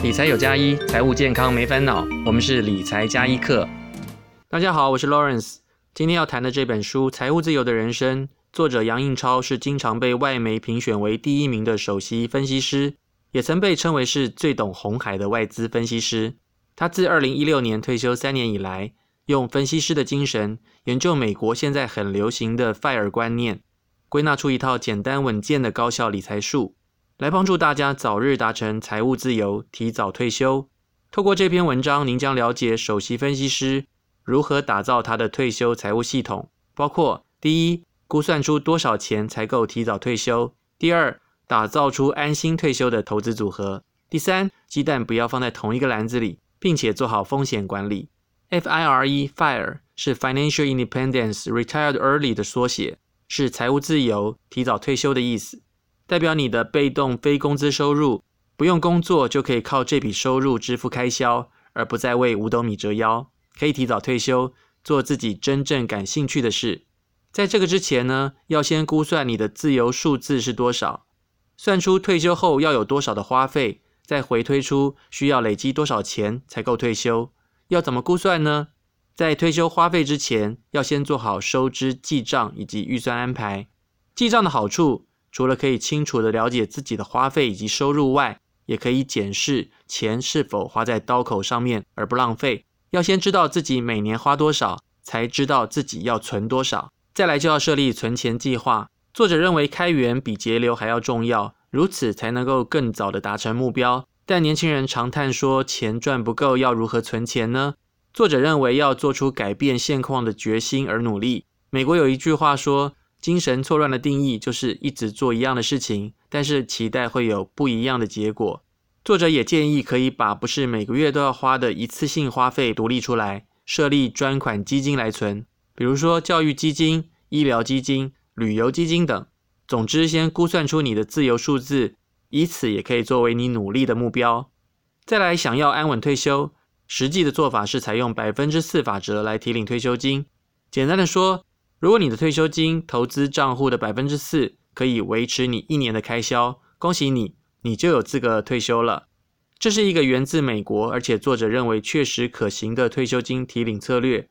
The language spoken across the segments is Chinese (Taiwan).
理財有加一，財務健康沒煩惱。我們是理財加一課。大家好，我是 Lawrence。今天要談的這本書《財務自由的人生》，作者楊應超是經常被外媒評選為第一名的首席分析師，也曾被稱為是最懂鴻海的外資分析師。他自2016年退休三年以來，用分析師的精神研究美國現在很流行的 “FIRE” 觀念，歸納出一套簡單穩健的高效理財術。來幫助大家早日達成財務自由、提早退休。透過這篇文章，您將了解首席分析師如何打造他的退休財務系統，包括：第一，估算出多少錢才夠提早退休；第二，打造出安心退休的投資組合；第三，雞蛋不要放在同一個籃子裡，並且做好風險管理。FIRE FIRE 是 Financial Independence Retired Early 的縮寫，是財務自由、提早退休的意思。代表你的被動非工資收入，不用工作就可以靠這筆收入支付開銷，而不再為五斗米折腰，可以提早退休，做自己真正感興趣的事。在這個之前呢，要先估算你的自由數字是多少，算出退休後要有多少的花費，再回推出需要累積多少錢才夠退休。要怎麼估算呢？在退休花費之前，要先做好收支記賬以及預算安排。記賬的好處。除了可以清楚地了解自己的花費以及收入外，也可以檢視錢是否花在刀口上面而不浪費。要先知道自己每年花多少，才知道自己要存多少。再來就要設立存錢計劃。作者認為開源比節流還要重要，如此才能夠更早地達成目標。但年輕人常嘆說，錢賺不夠，要如何存錢呢？作者認為要做出改變現況的決心而努力。美國有一句話說，精神錯亂的定義就是一直做一樣的事情，但是期待會有不一樣的結果。作者也建議可以把不是每個月都要花的一次性花費獨立出來，設立專款基金來存，比如說教育基金、醫療基金、旅遊基金等。總之，先估算出你的自由數字，以此也可以作為你努力的目標。再來，想要安穩退休，實際的做法是採用百分之四法則來提領退休金。簡單的說，如果你的退休金投資賬戶的百分之四可以維持你一年的開銷，恭喜你，你就有資格退休了。這是一個源自美國，而且作者認為確實可行的退休金提領策略。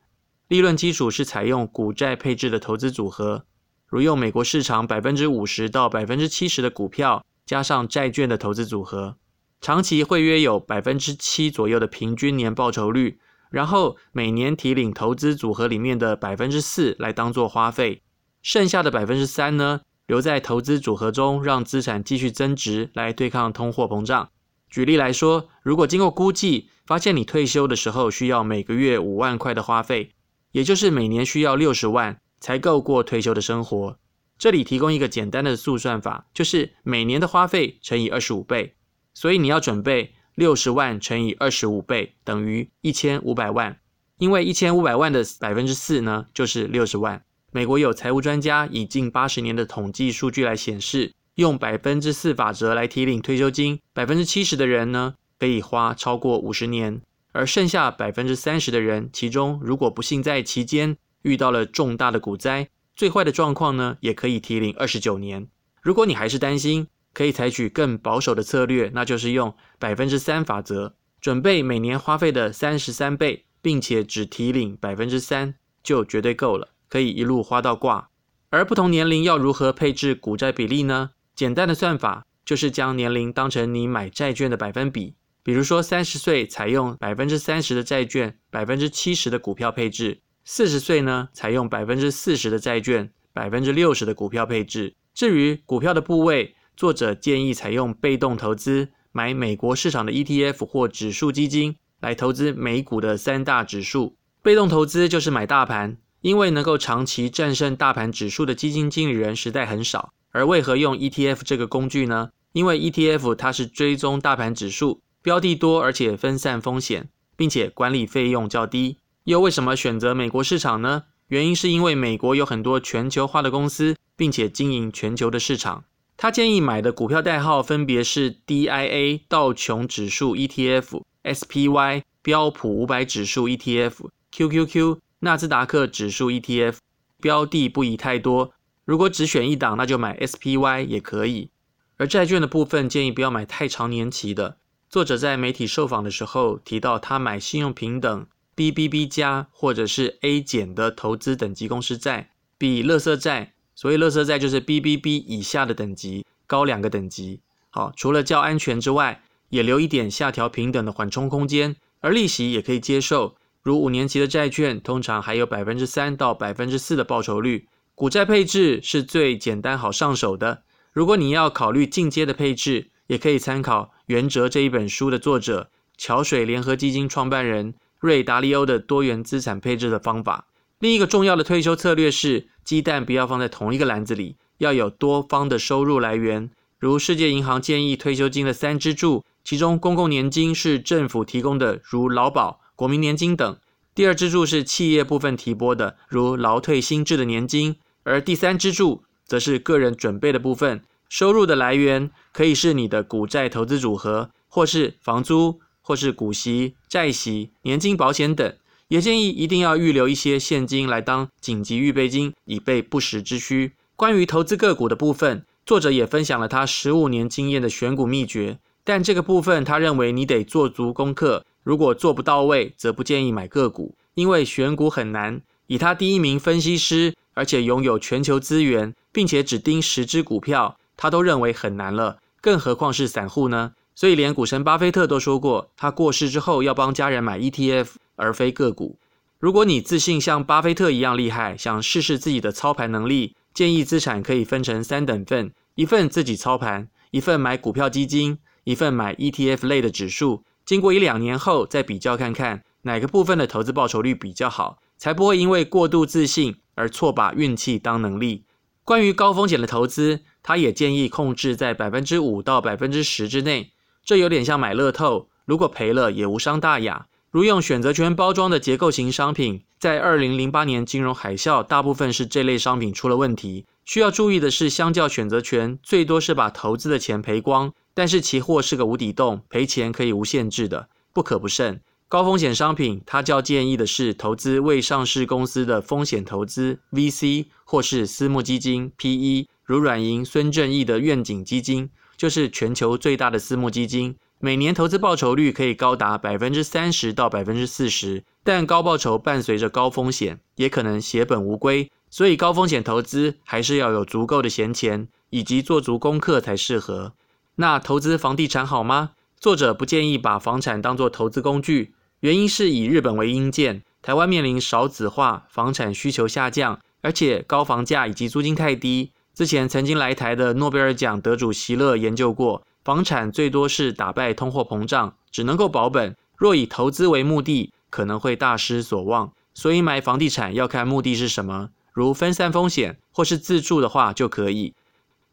理論基礎是採用股債配置的投資組合，如用美國市場百分之五十到百分之七十的股票加上債券的投資組合，長期會約有百分之七左右的平均年報酬率。然後每年提領投資組合裡面的百分之四來當做花費，剩下的百分之三呢，留在投資組合中，讓資產繼續增值，來對抗通貨膨脹。舉例來說，如果經過估計發現你退休的時候需要每個月五萬塊的花費，也就是每年需要六十萬才夠過退休的生活。這裡提供一個簡單的速算法，就是每年的花費乘以二十五倍，所以你要準備。六十萬乘以二十五倍等於一千五百萬，因為一千五百萬的百分之四呢，就是六十萬。美國有財務專家以近八十年的統計數據來顯示，用百分之四法則來提領退休金，百分之七十的人呢，可以花超過五十年，而剩下百分之三十的人，其中如果不幸在期間遇到了重大的股災，最壞的狀況呢，也可以提領二十九年。如果你還是擔心，可以採取更保守的策略，那就是用百分之三法則，準備每年花費的三十三倍，並且只提領百分之三就絕對夠了，可以一路花到掛。而不同年齡要如何配置股債比例呢？簡單的算法就是將年齡當成你買債券的百分比，比如說三十歲採用百分之三十的債券，百分之七十的股票配置；四十歲呢，採用百分之四十的債券，百分之六十的股票配置。至於股票的部位，作者建議採用被動投資，買美國市場的 ETF 或指數基金來投資美股的三大指數。被動投資就是買大盤，因為能夠長期戰勝大盤指數的基金經理人實在很少。而為何用 ETF 這個工具呢？因為 ETF 它是追蹤大盤指數，標的多而且分散風險，並且管理費用較低。又為什麼選擇美國市場呢？原因是因為美國有很多全球化的公司，並且經營全球的市場。他建議買的股票代號分別是 DIA 道瓊指數 ETF、SPY 標普五百指數 ETF、QQQ 納斯達克指數 ETF，標的不宜太多。如果只選一檔，那就買 SPY 也可以。而債券的部分建議不要買太長年期的。作者在媒體受訪的時候提到，他買信用評等 BBB 加或者是 A 減的投資等級公司債，比垃圾債。所以，垃圾債就是 BBB 以下的等級，高兩個等級。好，除了較安全之外，也留一點下調平等的緩衝空間，而利息也可以接受。如五年期的債券，通常還有百分之三到百分之四的報酬率。股債配置是最簡單好上手的。如果你要考慮進階的配置，也可以參考《原則》這一本書的作者橋水聯合基金創辦人瑞達利歐的多元資產配置的方法。另一個重要的退休策略是，雞蛋不要放在同一個籃子裡，要有多方的收入來源。如世界銀行建議，退休金的三支柱，其中公共年金是政府提供的，如勞保、國民年金等；第二支柱是企業部分提撥的，如勞退新制的年金；而第三支柱則是個人準備的部分。收入的來源可以是你的股債投資組合，或是房租，或是股息、債息、年金保險等。也建議一定要預留一些現金來當緊急預備金，以備不時之需。關於投資個股的部分，作者也分享了他十五年經驗的選股祕訣。但這個部分，他認為你得做足功課，如果做不到位，則不建議買個股，因為選股很難。以他第一名分析師，而且擁有全球資源，並且只盯十隻股票，他都認為很難了，更何況是散戶呢？所以，連股神巴菲特都說過，他過世之後要幫家人買 ETF。而非個股。如果你自信像巴菲特一樣厲害，想試試自己的操盤能力，建議資產可以分成三等份，一份自己操盤，一份買股票基金，一份買 ETF 類的指數。經過一兩年後再比較看看哪個部分的投資報酬率比較好，才不會因為過度自信而錯把運氣當能力。關於高風險的投資，他也建議控制在百分之五到百分之十之內，這有點像買樂透，如果賠了也無傷大雅。如用選擇權包裝的結構型商品，在二零零八年金融海嘯，大部分是這類商品出了問題。需要注意的是，相較選擇權，最多是把投資的錢賠光；但是期貨是個無底洞，賠錢可以無限制的，不可不慎。高風險商品，他較建議的是投資未上市公司的風險投資 （VC） 或是私募基金 （PE）。如軟銀孫正義的願景基金，就是全球最大的私募基金。每年投資報酬率可以高達百分之三十到百分之四十，但高報酬伴隨着高風險，也可能血本無歸。所以高風險投資還是要有足夠的閒錢以及做足功課才適合。那投資房地產好嗎？作者不建議把房產當做投資工具，原因是以日本為殷鑑，台灣面臨少子化、房產需求下降，而且高房價以及租金太低。之前曾經來台的諾貝爾獎得主席勒研究過。房產最多是打敗通貨膨脹，只能夠保本。若以投資為目的，可能會大失所望。所以買房地產要看目的是什麼，如分散風險或是自住的話就可以。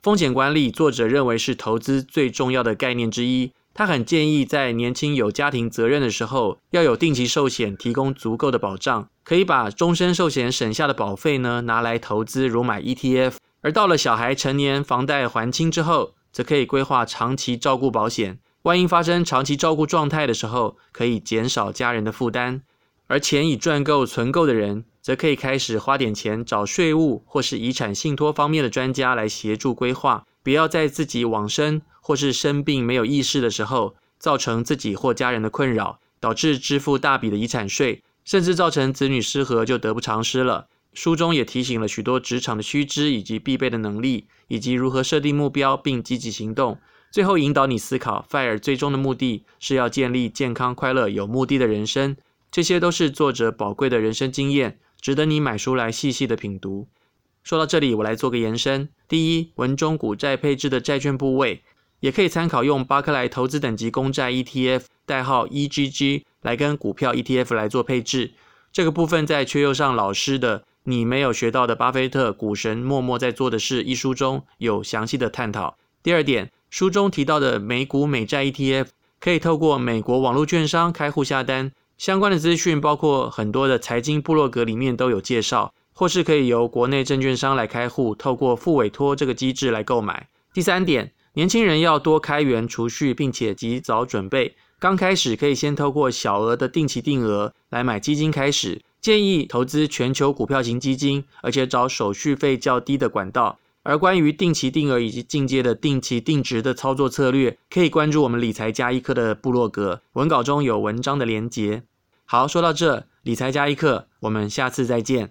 風險管理，作者認為是投資最重要的概念之一。他很建議在年輕有家庭責任的時候，要有定期壽險提供足夠的保障。可以把終身壽險省下的保費呢拿來投資，如買 ETF。而到了小孩成年，房貸還清之後。則可以規劃長期照顧保險，萬一發生長期照顧狀態的時候，可以減少家人的負擔。而錢已賺夠存夠的人，則可以開始花點錢找稅務或是遺產信託方面的專家來協助規劃，不要在自己往生或是生病沒有意識的時候，造成自己或家人的困擾，導致支付大筆的遺產稅，甚至造成子女失和，就得不償失了。書中也提醒了許多職場的須知以及必備的能力，以及如何設定目標並積極行動。最後引導你思考，FIRE 最終的目的是要建立健康、快樂、有目的的人生。這些都是作者寶貴的人生經驗，值得你買書來細細的品讀。說到這裡，我來做個延伸。第一，文中股債配置的債券部位，也可以參考用巴克萊投資等級公債 ETF 代號 EGG 來跟股票 ETF 來做配置。這個部分在闕又上老師的。你沒有學到的《巴菲特股神默默在做的事》一書中有詳細的探討。第二點，書中提到的美股美債 ETF 可以透過美國網絡券商開戶下單，相關的資訊包括很多的財經部落格裡面都有介紹，或是可以由國內證券商來開戶，透過複委託這個機制來購買。第三點，年輕人要多開源儲蓄，並且及早準備，剛開始可以先透過小額的定期定額來買基金開始。建議投資全球股票型基金，而且找手續費較低的管道。而關於定期定額以及進階的定期定值的操作策略，可以關注我們理財加一課的部落格，文稿中有文章的連接。好，說到這，理財加一課，我們下次再見。